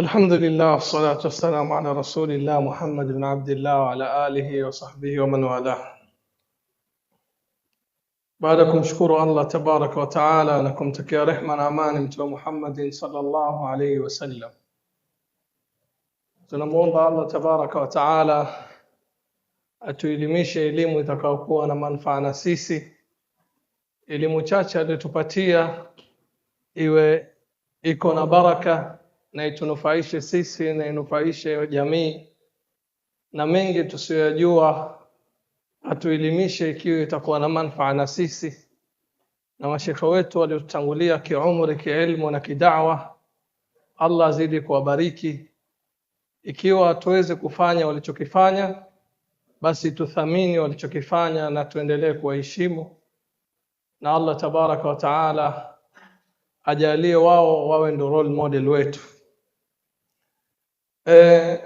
الحمد لله والصلاة والسلام على رسول الله محمد بن عبد الله وعلى آله وصحبه ومن والاه بعدكم شكر الله تبارك وتعالى أنكم تكيا رحمة أمان محمد صلى الله عليه وسلم تنمون الله تبارك وتعالى أتويلميش إليم وتكاوكو أنا منفع نسيسي إليم وشاشة لتبتيا إيوه إيكونا بركة na itunufaishe sisi na inufaishe jamii, na mengi tusiyojua atuelimishe, ikiwa itakuwa na manufaa na sisi na mashekhe wetu waliotutangulia kiumri, kiilmu na kidawa. Allah azidi kuwabariki. Ikiwa tuweze kufanya walichokifanya, basi tuthamini walichokifanya na tuendelee kuwaheshimu, na Allah tabaraka wa taala ajalie wao wawe ndio role model wetu. E,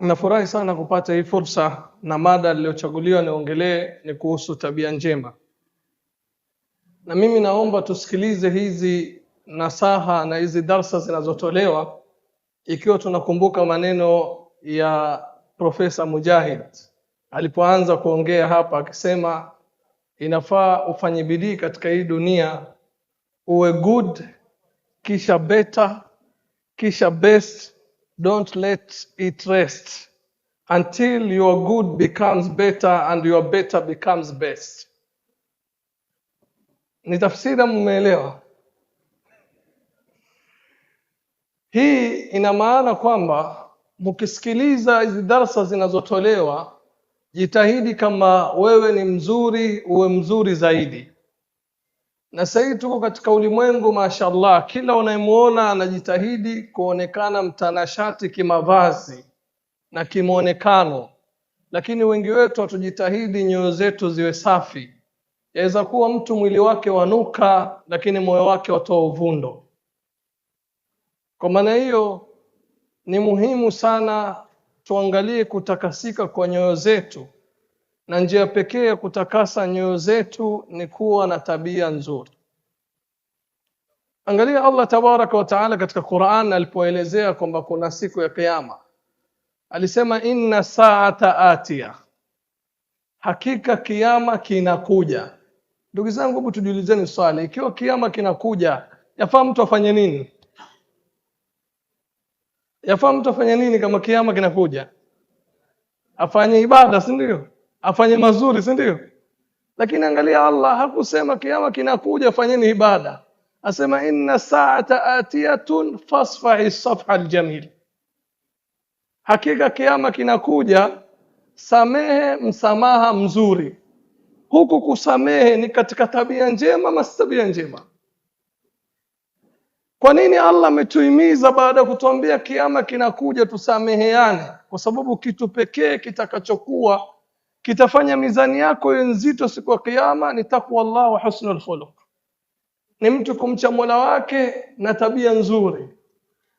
nafurahi sana kupata hii fursa na mada niliyochaguliwa niongelee ni kuhusu tabia njema, na mimi naomba tusikilize hizi nasaha na hizi darsa zinazotolewa ikiwa tunakumbuka maneno ya Profesa Mujahid alipoanza kuongea hapa akisema inafaa ufanye bidii katika hii dunia uwe good kisha better kisha best Don't let it rest until your good becomes better and your better becomes best. Ni tafsiri mmeelewa? Hii ina maana kwamba mkisikiliza hizi darsa zinazotolewa, jitahidi kama wewe ni mzuri, uwe mzuri zaidi na sasa hivi tuko katika ulimwengu mashallah, kila unayemwona anajitahidi kuonekana mtanashati kimavazi na kimuonekano, lakini wengi wetu hatujitahidi nyoyo zetu ziwe safi. Yaweza kuwa mtu mwili wake wanuka, lakini moyo wake watoa uvundo. Kwa maana hiyo, ni muhimu sana tuangalie kutakasika kwa nyoyo zetu na njia pekee ya kutakasa nyoyo zetu ni kuwa na tabia nzuri. Angalia Allah tabaraka wa taala katika Quran alipoelezea kwamba kuna siku ya Kiyama, alisema inna saata atia, hakika kiyama kinakuja. Ndugu zangu, hebu tujiulizeni swali, ikiwa kiyama kinakuja, yafaa mtu afanye nini? Yafaa mtu afanye nini kama kiyama kinakuja? Afanye ibada, si ndio? afanye mazuri, si ndio? Lakini angalia, Allah hakusema kiama kinakuja fanyeni ibada, asema inna saata atiyatun fasfahi safha aljamil, hakika kiama kinakuja, samehe msamaha mzuri. Huku kusamehe ni katika tabia njema, masi tabia njema. Kwa nini Allah ametuhimiza baada ya kutuambia kiama kinakuja tusameheane? Kwa sababu kitu pekee kitakachokuwa kitafanya mizani yako iwe nzito siku ya Kiyama ni takwa llah wa husnul khuluq, ni mtu kumcha mola wake na tabia nzuri.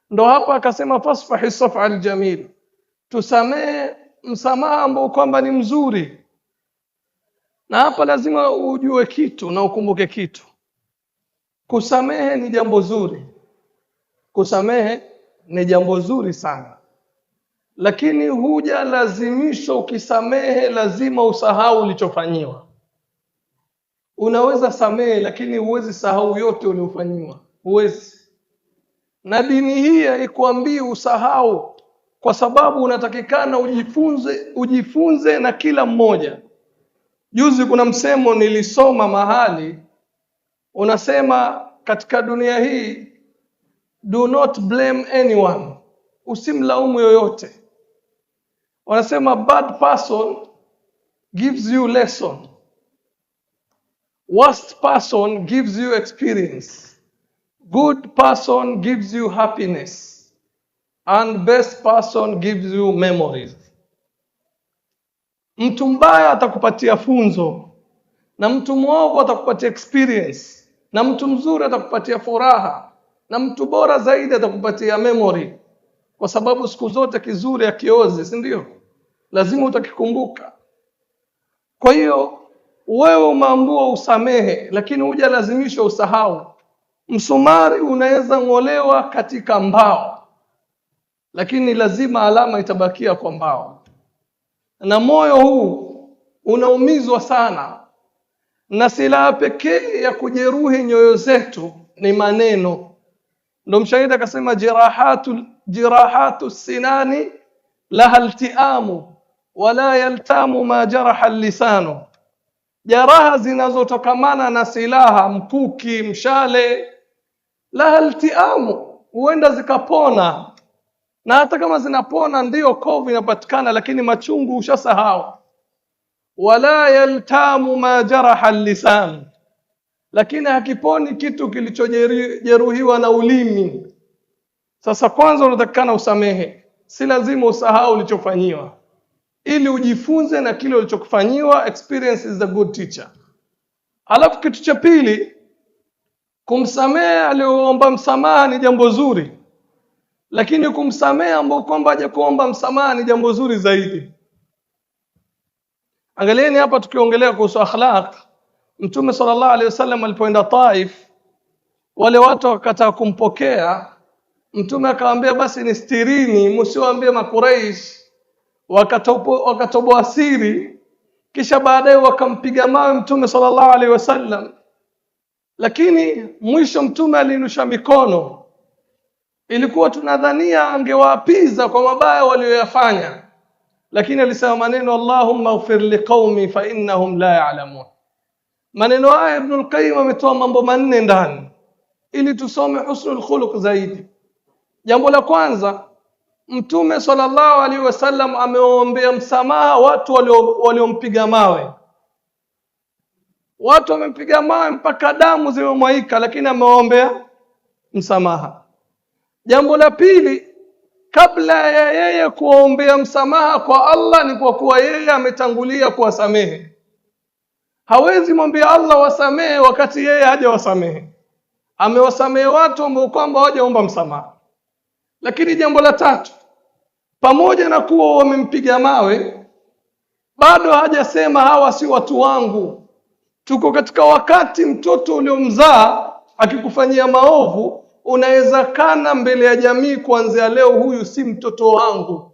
Ndo hapa akasema fasfahi safa aljamil, tusamehe msamaha ambao kwamba ni mzuri. Na hapa lazima ujue kitu na ukumbuke kitu, kusamehe ni jambo zuri, kusamehe ni jambo zuri sana lakini huja lazimisho. Ukisamehe lazima usahau ulichofanyiwa. Unaweza samehe, lakini huwezi sahau yote uliofanyiwa, huwezi. Na dini hii haikuambii usahau, kwa sababu unatakikana ujifunze, ujifunze na kila mmoja. Juzi kuna msemo nilisoma mahali unasema, katika dunia hii do not blame anyone, usimlaumu yoyote wanasema bad person gives you lesson, worst person gives you experience, good person gives you happiness and best person gives you memories. Mtu mbaya atakupatia funzo na mtu mwovu atakupatia experience na mtu mzuri atakupatia furaha na mtu bora zaidi atakupatia memory kwa sababu siku zote kizuri akiozi, si ndio? Lazima utakikumbuka. Kwa hiyo wewe umeambua usamehe, lakini hujalazimisha usahau. Msumari unaweza ng'olewa katika mbao, lakini lazima alama itabakia kwa mbao. Na moyo huu unaumizwa sana, na silaha pekee ya kujeruhi nyoyo zetu ni maneno. Ndo mshahidi akasema, jirahatu, jirahatu sinani laha ltiamu wala yaltamu ma jaraha lisanu, jaraha zinazotokamana na silaha, mkuki, mshale, laha ltiamu, huenda zikapona na hata kama zinapona ndiyo kovu inapatikana, lakini machungu ushasahau. Wala yaltamu ma jaraha lisanu lakini hakiponi kitu kilichojeruhiwa na ulimi. Sasa kwanza unatakikana usamehe, si lazima usahau ulichofanyiwa, ili ujifunze na kile ulichokufanyiwa. Experience is a good teacher. Alafu kitu cha pili, kumsamehe aliyoomba msamaha ni jambo zuri, lakini kumsamehe ambao kwamba haja kuomba msamaha ni jambo zuri zaidi. Angalieni hapa, tukiongelea kuhusu akhlaq Mtume sallallahu alaihi wasallam alipoenda Taif, wale watu wakataa kumpokea Mtume akawaambia basi ni stirini, msiwaambie Makuraish. Wakatoboa siri, kisha baadaye wakampiga mawe Mtume sallallahu alaihi wasallam, lakini mwisho Mtume alinusha mikono. Ilikuwa tunadhania angewaapiza kwa mabaya walioyafanya, lakini alisema maneno allahumma ighfir liqaumi fa innahum la ya'lamun Maneno haya Ibnul Qayyim ametoa mambo manne ndani ili tusome husnul khuluq zaidi. Jambo la kwanza, Mtume sallallahu alaihi wasallam amewaombea msamaha watu waliompiga mawe. Watu wamempiga mawe mpaka damu zimemwaika, lakini amewaombea msamaha. Jambo la pili, kabla ya yeye kuwaombea msamaha kwa Allah ni kwa kuwa yeye ametangulia kuwasamehe Hawezi mwambia Allah wasamehe wakati yeye hajawasamehe. Amewasamehe watu ambao kwamba hawajaomba msamaha. Lakini jambo la tatu, pamoja na kuwa wamempiga mawe, bado hajasema hawa si watu wangu. Tuko katika wakati, mtoto uliomzaa akikufanyia maovu unaweza kana mbele ya jamii kuanzia leo, huyu si mtoto wangu.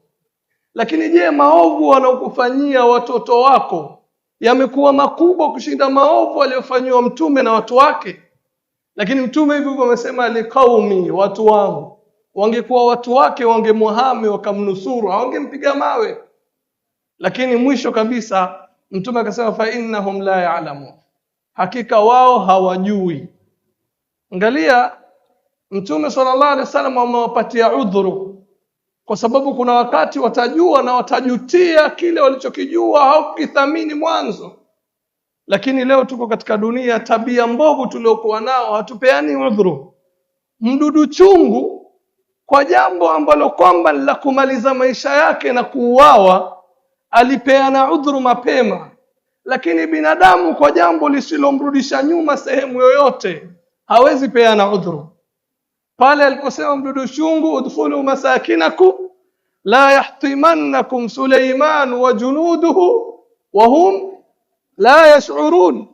Lakini je, maovu wanaokufanyia watoto wako yamekuwa makubwa kushinda maovu aliyofanyiwa mtume na watu wake. Lakini mtume hivyo hivyo amesema liqaumi, watu wangu. Wangekuwa watu wake, wangemwahami wakamnusuru, hawangempiga mawe. Lakini mwisho kabisa mtume akasema, fa innahum la ya'lamun, hakika wao hawajui. Angalia mtume sallallahu alaihi wasallam amewapatia udhuru kwa sababu kuna wakati watajua na watajutia kile walichokijua au kithamini mwanzo. Lakini leo tuko katika dunia, tabia mbovu tuliokuwa nao hatupeani udhuru, mdudu chungu kwa jambo ambalo kwamba la kumaliza maisha yake na kuuawa, alipeana udhuru mapema. Lakini binadamu kwa jambo lisilomrudisha nyuma sehemu yoyote hawezi peana udhuru pale aliposema mdudu chungu, udkhulu masakinakum la yahtimannakum Suleiman wa junuduhu wa hum la yashurun,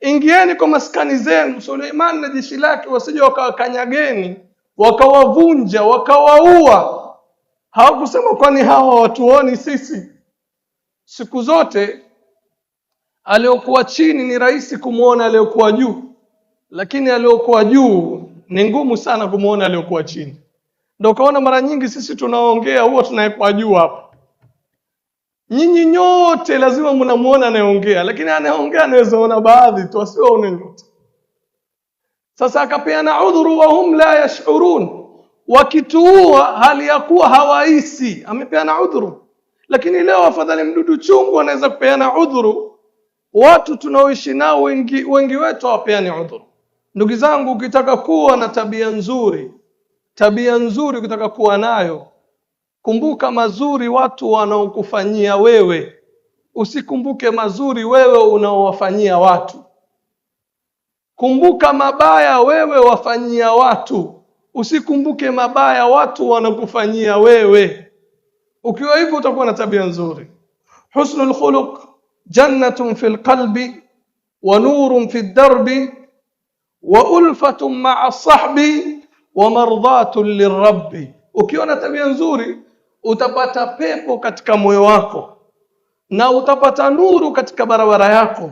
ingieni kwa maskani zenu Suleiman na jeshi lake, wasije wakawakanyageni wakawavunja wakawaua. Hawakusema kwani hawa watuoni sisi? Siku zote aliyokuwa chini ni rahisi kumwona aliyokuwa juu, lakini aliyokuwa juu ni ngumu sana kumuona aliyokuwa chini. Ndio kaona mara nyingi sisi tunaongea huwa tunawekwa juu hapa. Nyinyi nyote lazima mnamuona anayeongea, lakini anayeongea anaweza ona baadhi tu, asiwaone nyote. Sasa akapeana udhuru, wa hum la yashurun, wakituua hali ya kuwa hawaisi. Amepeana udhuru, lakini leo afadhali mdudu chungu anaweza kupeana udhuru. Watu tunaoishi nao wengi, wengi wetu hawapeani udhuru Ndugu zangu, ukitaka kuwa na tabia nzuri, tabia nzuri ukitaka kuwa nayo, kumbuka mazuri watu wanaokufanyia wewe, usikumbuke mazuri wewe unaowafanyia watu. Kumbuka mabaya wewe wafanyia watu, usikumbuke mabaya watu wanakufanyia wewe. Ukiwa hivyo utakuwa na tabia nzuri. Husnul khuluq jannatun fil qalbi wa nurun fid darbi waulfatun maa sahbi wa mardhatun lirabbi. Ukiwa na tabia nzuri utapata pepo katika moyo wako na utapata nuru katika barabara yako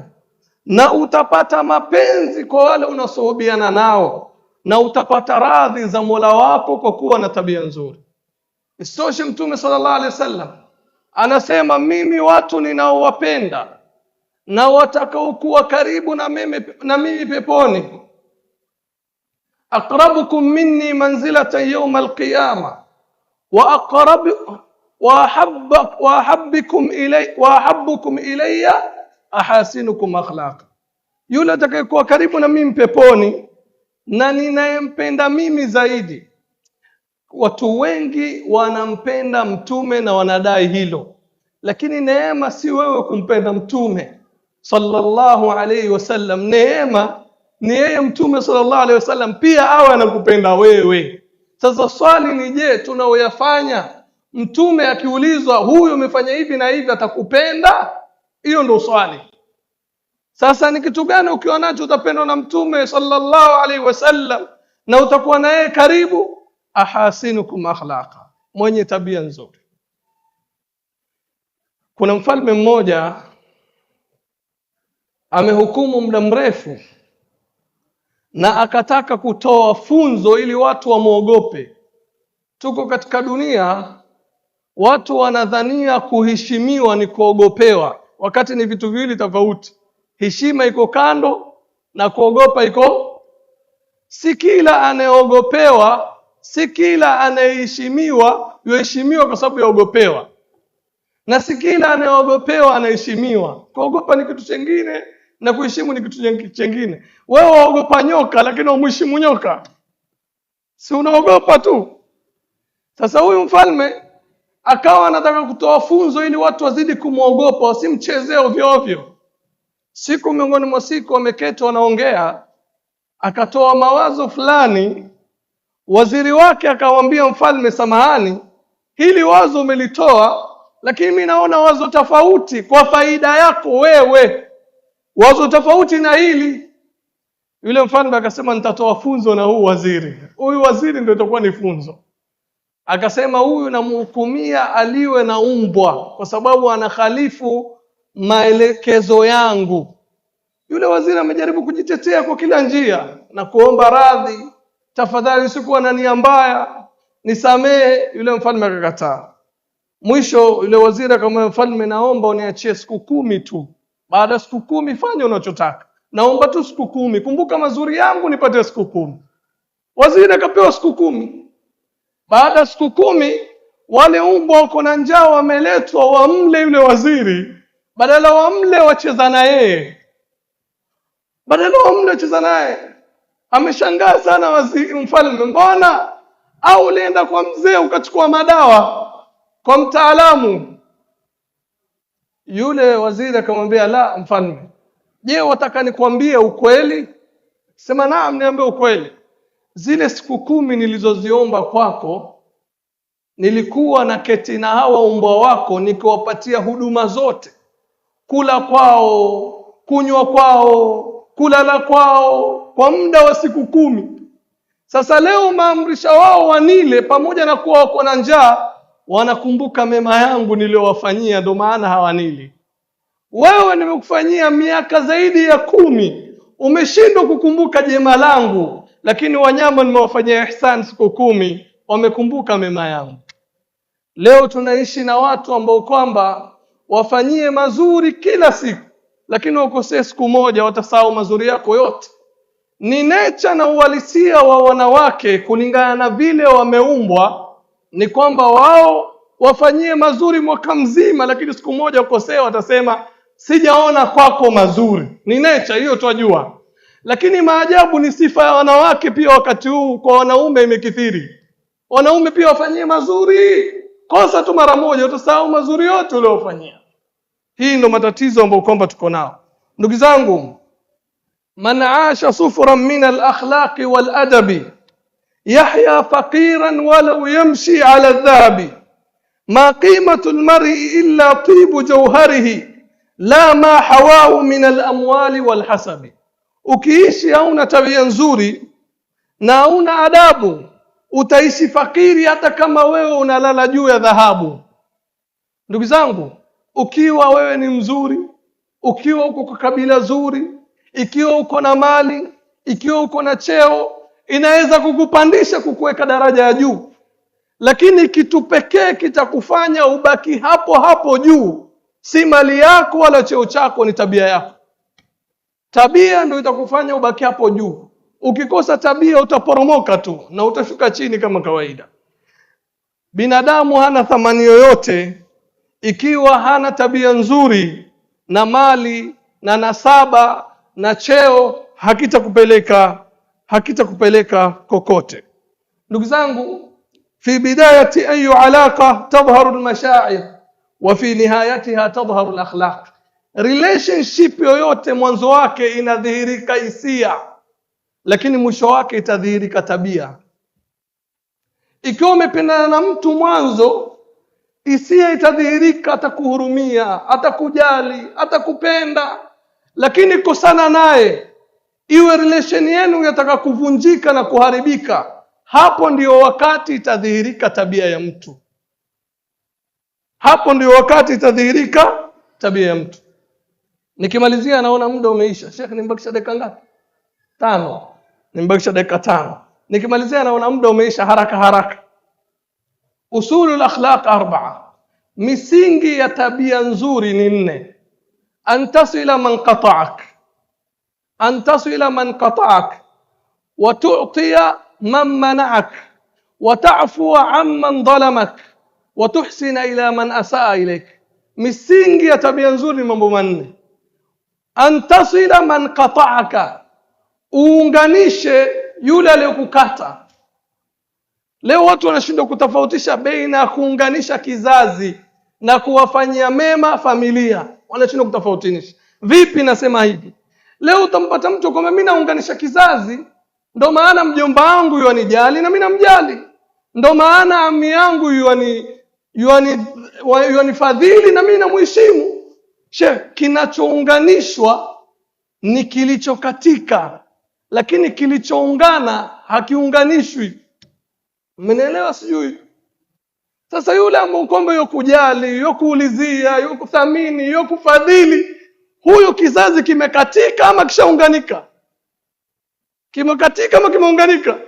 na utapata mapenzi kwa wale unasuhubiana nao na utapata radhi za Mola wako kwa kuwa na tabia nzuri. Isitoshe, Mtume sallallahu alaihi wasallam anasema, mimi watu ninaowapenda na watakaokuwa karibu na mimi, na mimi peponi aqrabukum minni manzilatan yauma alqiyama waahabukum ilayya ahasinukum akhlaqa, yule atakayekuwa karibu na mimi peponi na ninayempenda mimi zaidi. Watu wengi wanampenda mtume na wanadai hilo, lakini neema si wewe kumpenda mtume sallallahu alayhi wasallam, neema ni yeye Mtume sallallahu alaihi wasallam, pia awe anakupenda wewe. Sasa swali ni je, tunaoyafanya Mtume akiulizwa huyu umefanya hivi na hivi atakupenda? Hiyo ndo swali. Sasa ni kitu gani ukiwa nacho utapendwa na Mtume sallallahu alaihi wasallam na utakuwa na yeye karibu? Ahasinukum akhlaqa, mwenye tabia nzuri. Kuna mfalme mmoja amehukumu muda mrefu na akataka kutoa funzo ili watu wamwogope. Tuko katika dunia, watu wanadhania kuheshimiwa ni kuogopewa, wakati ni vitu viwili tofauti. Heshima iko kando na kuogopa iko. Si kila anayeogopewa, si kila anayeheshimiwa yuheshimiwa kwa sababu yaogopewa, na si kila anayeogopewa anaheshimiwa. Kuogopa ni kitu chengine na kuheshimu ni kitu chengine. Wewe waogopa nyoka, lakini umheshimu nyoka, si unaogopa tu. Sasa huyu mfalme akawa anataka kutoa funzo ili watu wazidi kumwogopa, wasimchezee ovyo ovyo. Siku miongoni mwa siku wameketi wanaongea, akatoa mawazo fulani. Waziri wake akamwambia mfalme, samahani, hili wazo umelitoa, lakini mi naona wazo tofauti kwa faida yako wewe wazo tofauti na hili. Yule mfalme akasema nitatoa funzo na huu waziri, huyu waziri ndio itakuwa ni funzo. Akasema huyu namhukumia aliwe na umbwa, kwa sababu anahalifu maelekezo yangu. Yule waziri amejaribu kujitetea kwa kila njia na kuomba radhi, tafadhali usikuwa na nia mbaya, nisamehe. Yule mfalme akakataa. Mwisho yule waziri akamwambia mfalme, naomba uniachie siku kumi tu baada ya siku kumi fanya unachotaka, naomba tu siku kumi, kumbuka mazuri yangu nipate siku kumi. Waziri akapewa siku kumi. Baada ya siku kumi wale umbwa wako na njaa wameletwa, wamle yule waziri, badala wamle wacheza na yeye, badala wamle wacheza naye. Ameshangaa sana waziri, mfalme, mbona au ulienda kwa mzee ukachukua madawa kwa mtaalamu yule waziri akamwambia, la mfalme, je, wataka nikwambie ukweli? Sema naam, niambie ukweli. Zile siku kumi nilizoziomba kwako, nilikuwa na keti na hawa umbwa wako, nikiwapatia huduma zote, kula kwao, kunywa kwao, kulala kwao, kwa muda wa siku kumi. Sasa leo maamrisha wao wanile, pamoja na kuwa wako na njaa wanakumbuka mema yangu niliyowafanyia, ndio maana hawanili. Wewe nimekufanyia miaka zaidi ya kumi, umeshindwa kukumbuka jema langu, lakini wanyama nimewafanyia ihsan siku kumi, wamekumbuka mema yangu. Leo tunaishi na watu ambao kwamba wafanyie mazuri kila siku, lakini wakosee siku moja, watasahau mazuri yako yote. Ni necha na uhalisia wa wanawake kulingana na vile wameumbwa ni kwamba wao wafanyie mazuri mwaka mzima, lakini siku moja ukosea, watasema sijaona kwako mazuri. Ni necha hiyo, twajua. Lakini maajabu ni sifa ya wanawake pia, wakati huu kwa wanaume imekithiri. Wanaume pia wafanyie mazuri, kosa tu mara moja, utasahau mazuri yote uliofanyia. Hii ndo matatizo ambayo kwamba tuko nao, ndugu zangu. Man asha sufuran min alakhlaqi waladabi yahya faqiran walau yamshi ala dhahabi ma qimatu lmari illa tibu jauharihi la ma hawahu min alamwali walhasabi. Ukiishi hauna tabia nzuri na hauna adabu, utaishi fakiri hata kama wewe unalala juu ya dhahabu. Ndugu zangu, ukiwa wewe ni mzuri, ukiwa uko kwa kabila zuri, ikiwa uko na mali, ikiwa uko na cheo inaweza kukupandisha kukuweka daraja ya juu, lakini kitu pekee kitakufanya ubaki hapo hapo juu si mali yako wala cheo chako, ni tabia yako. Tabia ndio itakufanya ubaki hapo juu. Ukikosa tabia, utaporomoka tu na utashuka chini kama kawaida. Binadamu hana thamani yoyote ikiwa hana tabia nzuri, na mali na nasaba na cheo hakitakupeleka hakitakupeleka kokote. Ndugu zangu, fi bidayati ayi alaqa tadhharu almashaa'ir wa fi nihayatiha tadhharu alakhlaq. Relationship yoyote mwanzo wake inadhihirika hisia, lakini mwisho wake itadhihirika tabia. Ikiwa umependana na mtu mwanzo hisia itadhihirika, atakuhurumia, atakujali, atakupenda, lakini kosana naye iwe relation yenu yataka kuvunjika na kuharibika, hapo ndio wakati itadhihirika tabia ya mtu. Hapo ndio wakati itadhihirika tabia ya mtu. Nikimalizia, naona muda umeisha. Sheikh, nimbakisha dakika ngapi? Tano. Nimbakisha dakika tano. Nikimalizia, naona muda umeisha haraka haraka. Usulul akhlaq arbaa, misingi ya tabia nzuri ni nne. Antasila man qata'ak an tasila man qata'ak wa tu'tiya man mana'ak wa ta'fua amman dhalamak wa tuhsina ila man asaa ilaik. Misingi ya tabia nzuri ni mambo manne: an tasila man qata'aka, uunganishe yule aliyokukata. Leo watu wanashindwa kutofautisha baina ya kuunganisha kizazi na kuwafanyia mema familia, wanashindwa kutofautisha. Vipi? Nasema hivi Leo utampata mtu kwamba mimi naunganisha kizazi, ndo maana mjomba wangu yuanijali na mimi namjali, ndo maana ami yangu yuanifadhili na mimi namuheshimu. She, kinachounganishwa ni kilichokatika, lakini kilichoungana hakiunganishwi. Mmenielewa? Sijui sasa, yule ambao kwamba yokujali yokuulizia yokuthamini yokufadhili huyu kizazi kimekatika ama kishaunganika? Kimekatika ama kimeunganika?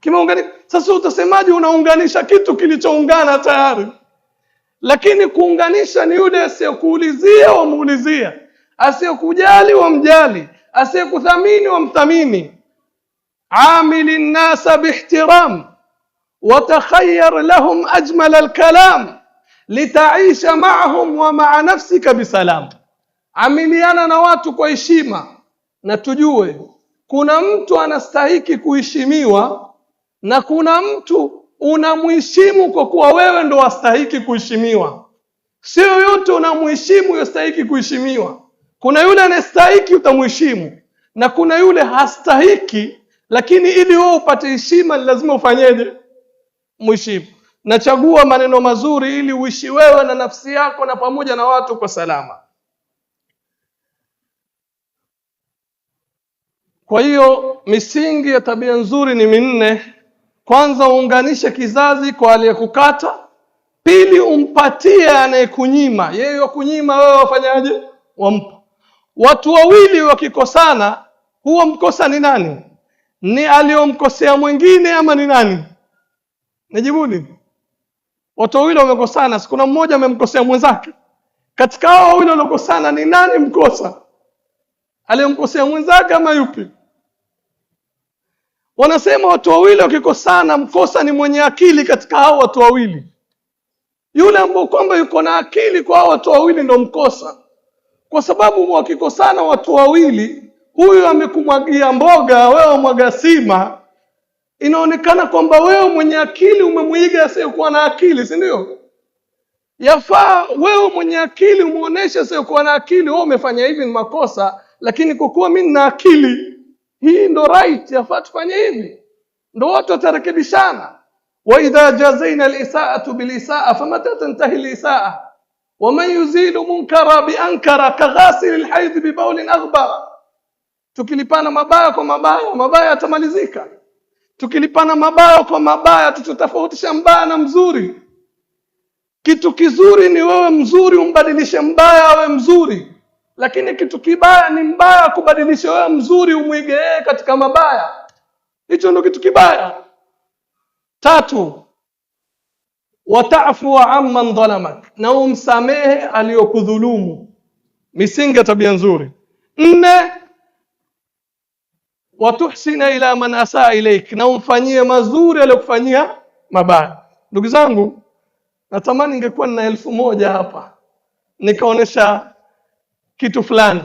Kimeunganika. Sasa utasemaje? Unaunganisha kitu kilichoungana tayari, lakini kuunganisha ni yule asiyekuulizia wamuulizia, asiyekujali wamjali, asiyekuthamini wamthamini. amili nnasa bihtiram watakhayyar lahum ajmal alkalam litaisha maahum wa maa nafsika bisalam amiliana na watu kwa heshima, na tujue kuna mtu anastahiki kuheshimiwa na kuna mtu unamheshimu kwa kuwa wewe ndo wastahiki kuheshimiwa. Sio yote unamheshimu yastahiki kuheshimiwa. Kuna yule anastahiki utamheshimu, na kuna yule hastahiki, lakini ili wewe upate heshima lazima ufanyeje? Mheshimu. Nachagua maneno mazuri ili uishi wewe na nafsi yako na pamoja na watu kwa salama. Kwa hiyo misingi ya tabia nzuri ni minne. Kwanza, uunganishe kizazi kwa aliyekukata. Pili, umpatie anayekunyima. Yeye wakunyima wewe wafanyaje? Wampa. Watu wawili wakikosana, huo mkosa ni nani? Ni aliyomkosea mwingine ama ni nani? Nijibuni. Watu wawili wamekosana, si kuna mmoja amemkosea mwenzake? Katika hao wawili waliokosana, ni nani mkosa? Aliyomkosea mwenzake ama yupi? Wanasema watu wawili wakikosana, mkosa ni mwenye akili katika hao watu wawili. Yule ambao kwamba yuko na akili kwa hao watu wawili ndo mkosa, kwa sababu wakikosana watu wawili, huyu amekumwagia mboga, wewe wamwaga sima, inaonekana kwamba wewe mwenye akili umemwiga asiyekuwa na akili, si ndio? Yafaa wewe mwenye akili umuoneshe asiyekuwa na akili, wewe umefanya hivi ni makosa, lakini kwa kuwa mimi nina akili hii ndo right, yafaa tufanye hivi, ndo watu watarekebishana. wa idha jazaina lisaatu bilisaa famata tantahi lisaa waman yuzilu munkara biankara kaghasili lhaidhi bibaulin aghbara. Tukilipana mabaya kwa mabaya, mabaya yatamalizika. Tukilipana mabaya kwa mabaya, tutatofautisha mbaya na mzuri. Kitu kizuri ni wewe mzuri umbadilishe mbaya awe mzuri lakini kitu kibaya ni mbaya kubadilisha wewe mzuri umwige yeye katika mabaya, hicho ndo kitu kibaya. Tatu, watafu amman dhalamak, na umsamehe aliyokudhulumu, misingi ya tabia nzuri. Nne, watuhsina ila man asaa ilaik, na umfanyie mazuri aliyokufanyia mabaya. Ndugu zangu, natamani ningekuwa nina elfu moja hapa nikaonesha kitu fulani.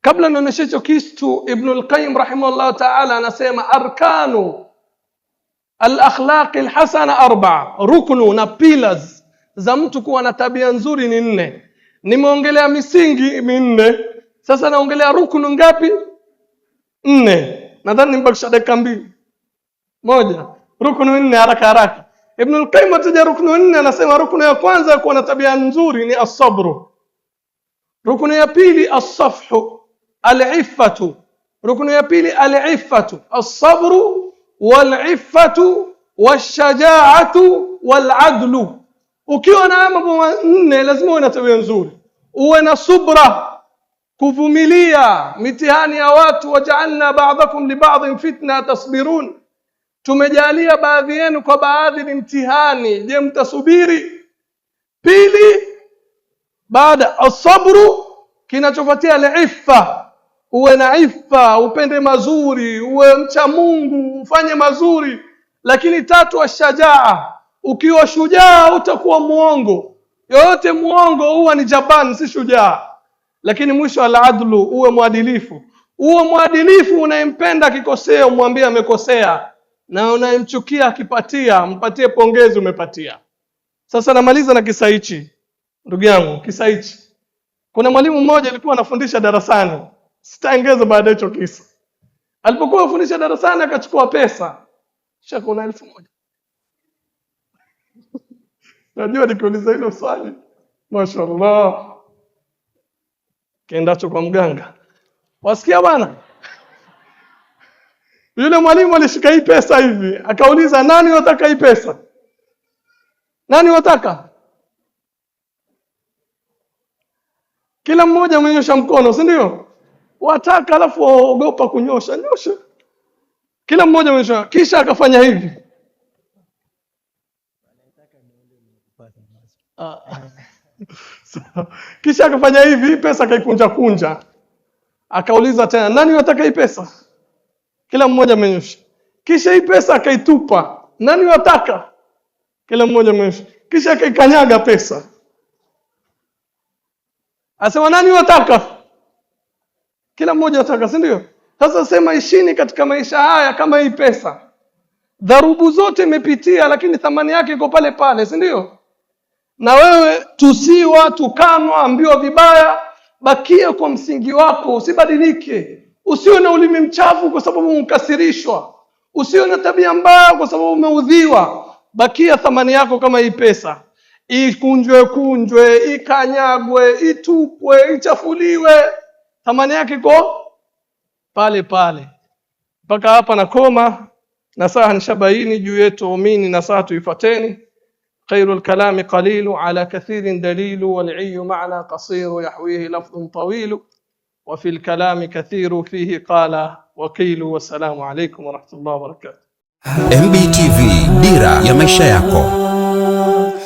Kabla nionyeshe hicho kitu, Ibnul Qayyim rahimahullah ta'ala anasema arkanu alakhlaqi lhasana arbaa, ruknu na pillars za mtu kuwa na tabia nzuri ni nne. Nimeongelea misingi minne, sasa naongelea ruknu ngapi? Nne. Nadhani nimebakisha dakika mbili. Moja, ruknu nne, haraka haraka. Ibnul Qayyim ataja ruknu nne, anasema ruknu ya kwanza ya kuwa na tabia nzuri ni asabru Rukunu ya pili assafhu alifatu, rukunu ya pili alifatu, assabru walifatu washajaatu waladlu. Ukiwa na mambo manne lazima uwe na tabia nzuri, uwe na subra, kuvumilia mitihani ya watu. Wajaalna ba'dakum liba'dhin fitna tasbirun, tumejalia baadhi yenu kwa baadhi ni mtihani. Je, mtasubiri? Pili baada asabru, kinachofuatia ile iffa. Uwe na iffa, upende mazuri, uwe mcha Mungu, ufanye mazuri. Lakini tatu, ashajaa, ukiwa shujaa utakuwa muongo. Yoyote muongo huwa ni jaban, si shujaa. Lakini mwisho, aladlu, uwe mwadilifu. Uwe mwadilifu, unayempenda akikosea umwambie amekosea, na unayemchukia akipatia mpatie pongezi, umepatia. Sasa namaliza na kisa hichi. Ndugu yangu, kisa hichi, kuna mwalimu mmoja alikuwa anafundisha darasani, sitaongeza baada hicho kisa. Alipokuwa anafundisha darasani, akachukua pesa, shekhe, una elfu moja najua nikiuliza hilo swali, mashallah, kiendacho kwa mganga. Wasikia bwana, yule mwalimu alishika hii pesa hivi, akauliza nani wataka hii pesa? Nani wataka Kila mmoja amenyosha mkono, si ndio? Wataka alafu waogopa kunyosha nyosha, kila mmoja amenyosha, kisha akafanya hivi ah, ah. so, kisha akafanya hivi, pesa akaikunja kunja, akauliza tena, nani wataka hii pesa? Kila mmoja amenyosha, kisha hii pesa akaitupa, nani wataka? Kila mmoja amenyosha, kisha akaikanyaga pesa Asema nani wataka? Kila mmoja wataka, si ndio? Sasa sema ishini katika maisha haya kama hii pesa. Dharubu zote imepitia, lakini thamani yake iko pale pale, si ndio? Na wewe tusiwa, tukanwa, ambiwa vibaya, bakia kwa msingi wako, usibadilike. Usiwe na ulimi mchafu kwa sababu umekasirishwa. Usiwe na tabia mbaya kwa sababu umeudhiwa. Bakia thamani yako kama hii pesa ikunjwe kunjwe, ikanyagwe, itupwe, ichafuliwe, thamani yake iko pale pale. Mpaka hapa nakoma. Nasaha nishabaini juu yetu waumini, nasaha tuifateni. khairu lkalami qalilu ala kathirin dalilu waliyu maana qasiru yahwihi lafdhun tawilu wa fi lkalami kathiru fihi qala waqilu. Wassalamu alaikum warahmatullahi wabarakatuh. MBTV, dira ya maisha yako.